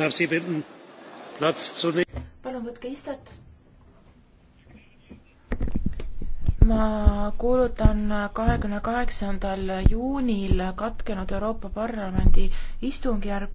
darf Sie bitten, Platz zu nehmen. Palun võtke istet. ma kuulutan kahekümne kaheksandal juunil katkenud Euroopa Parlamendi istungjärgu